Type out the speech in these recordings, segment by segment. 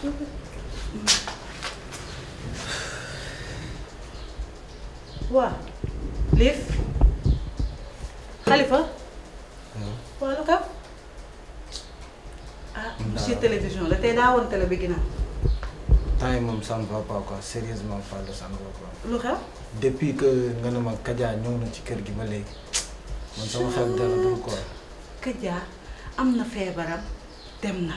waaw liif xalifa waaw lu ko ah monsieur télévision la tey daa woon télé bi ginnaaw temps yi moom ça ne va pas sérieusement parle ça ne va lu xew depuis que nga ne ma Kaja ñëw na ci kër gi ba léegi man sama xel dara dul quoi Kaja am na feebaram dem na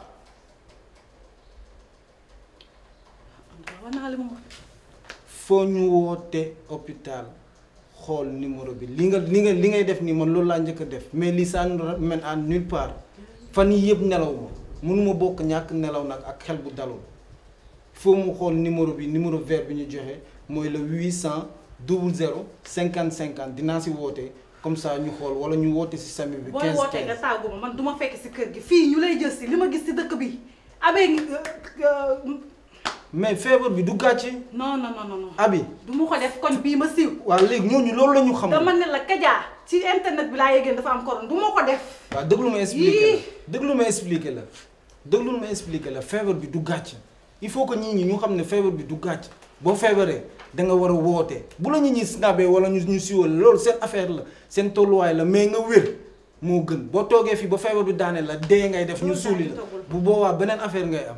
wax foo ñu woote hôpital xool numéro bi li nga li nga li ngay def nii man loolu laa njëkk def mais li ça nous mène à nulle part fan yii yëpp nelaw ma mënuma bokk ñàkk nelaw nag ak xel bu dalul foo mu xool numéro bi numéro vert bi ñu joxe mooy le 800 00 50 50 dinaa si woote comme ça ñu xool wala ñu woote si sami bi. 15 15 nga tàggu man du fekk si kër gi fii ñu lay jël si li ma gis si dëkk bi amee. Euh, euh, mais feebar bi du gàcce. non non non non. abi du mu ko def koñ bii ma siiw. waaw léegi ñooñu loolu la ñu xam. dama ne la Kaja ci internet bi laa yeggee dafa am corona du ma ko def. waaw déglu ma expliqué la déglu ma expliqué la déglu ma expliqué la feebar bi du gàcce il faut que nit ñi ñu xam ne feebar bi du gàcce boo feebaree da nga war a woote bu la nit ñi naabee wala ñu ñu siwal loolu seen affaire la seen tolluwaay la mais nga wér moo gën boo toogee fii ba feebar bi daaneel la dee ngay def ñu suuli la bu boobaa beneen affaire ngay am.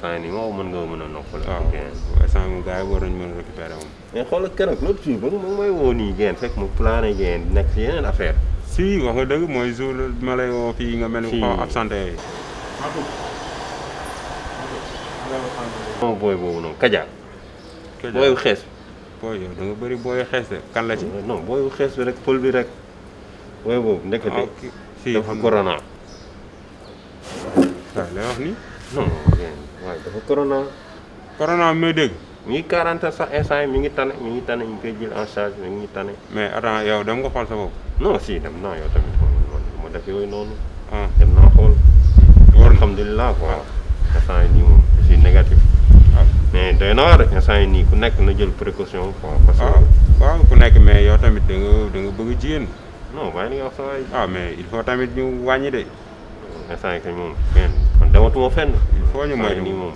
saa nii moom mën nga mën a noppal. Ah, waaw instant bi gars yi war a affaire. si dëgg mooy jour woo fii nga mel ni. xaw absenté yi. moom booy boobu noonu Kaja. Kaja booyu xees. booy yow da nga bëri booyu xees de kan la ci. Euh, non booyu xees bi rek pël bi rek. booy boobu ndekete. ah dafa corona. waaw ah, lay wax nii. non waaye dafa corona. corona bi may dégg. mu ngi quarante sax instant mi ngi tane mi ngi tane ñu en charge mi mais attends yow dem nga xool sa bopp. def yooyu noonu. Ah. dem naa xool. alhamdulilah quoi instant yi nii moom je suis négatif. Ah. na waar instant yi nii ku nekk na jël précaution quoi. parce ah. que ku nekk mais yow tamit da nga da nga bëgg jigéen. non bàyyi li nga wax sa waay. il faut tamit ñu wàññi de. instant kañ moom man dematuma fenn. foo ñu moytu nii moom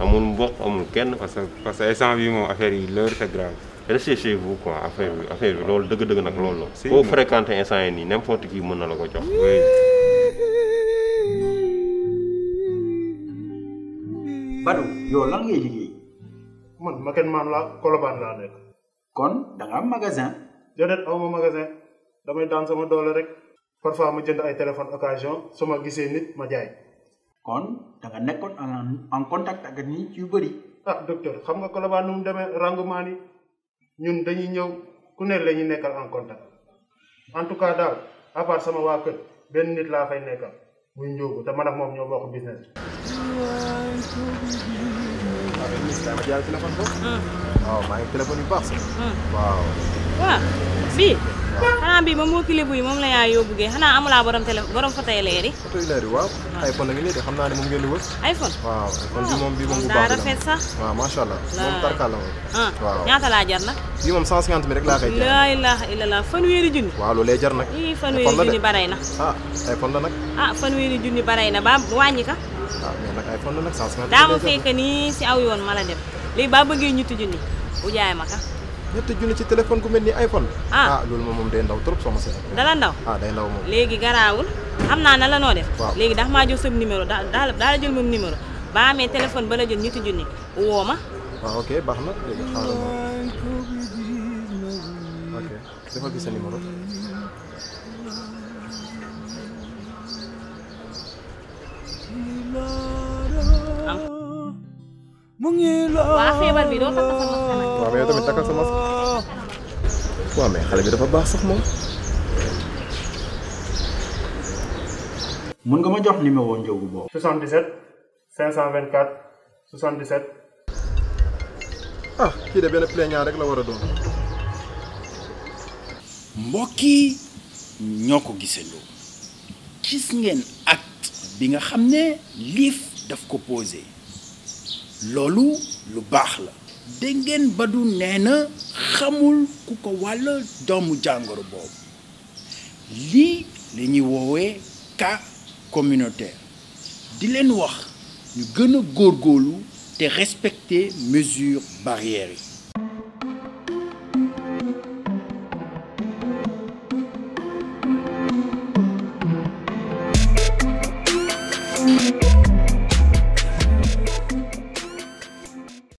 amul mbokk amul kenn. parce que parce que instant bii moom affaire yi l'heure c'est grave. restez bi loolu dëgg-dëgg nag loolu la. si foo fréquenter instant yi nii n'importe qui mën na la ko jox. Badou yow lan ngay liggéey. man maket maam laa Colobane laa nekk. kon da nga am magasin. déedéet aw magasin damay daan sama doole rek. parfois ma jënd ay téléphone occasion su ma gisee nit ma jaay. kon da nga nekkoon en contact ak nit yu bëri. ah docteur xam nga Colobane nu mu demee rangement ni ñun dañuy ñëw ku ne la ñu nekkal en contact en tout cas daal à sama waa kër benn nit laa fay nekkal muy njóobu te man moom ñoo bokk business. waaw ah, ah. ah, maa téléphone yu baax sax waaw. waaw bii xanaa bii moom moo clé bu yi moom la yaa yoo buggee xanaa borom télé borom photo yi photo yi waaw iphone la ngi nii de xam naa ngeen di wër iphone waaw iphone bi mom bi moom bu baax la rafet sax waaw macha allah Mom tarkaal la moom waaw ñaata laa jar nag bii moom 150 mi rek laa koy jar laa ilaha illallah fanweeri junni waaw loolu lay jar nag ii fanweeri junni baray na ah iphone la nag ah fanweeri junni baray na ba wàññi ka waaw mais nag iphone la nag 150 daa ma fekk nii si aw yoon ma la dem léegi baa bëggee ñitti junni bu jaay ma ñetti junni ci téléphone gu mel ni iPhone. Ah. ah loolu moom moom day ndaw trop soxna si. dala ndaw ah day ndaw moom. léegi garaawul xam naa na la noo def. waaw léegi ndax maa jël sa numéro daal daa la jël moom numéro ba amee téléphone ba la jël ñetti junni woo ma. waaw ah, ok baax na léegi dafa gis sa numéro. وعافية بالفيديو حتى خلصت كمان وعافية تبي تاكل في مصر وعافية خلي بيتها باسخ مو mun nga jox numéro njogu boobu 77 524 77 ah kii de benn plaignant rek la war a doon mbokk yi ñoo ngeen acte bi nga daf ko loolu lu baax la dégg ngeen Badu nee na xamul ku ko wàll doomu jàngoro boobu lii lañuy woowee cas communautaire di leen wax ñu gën a góorgóorlu te respecter mesures barrières yi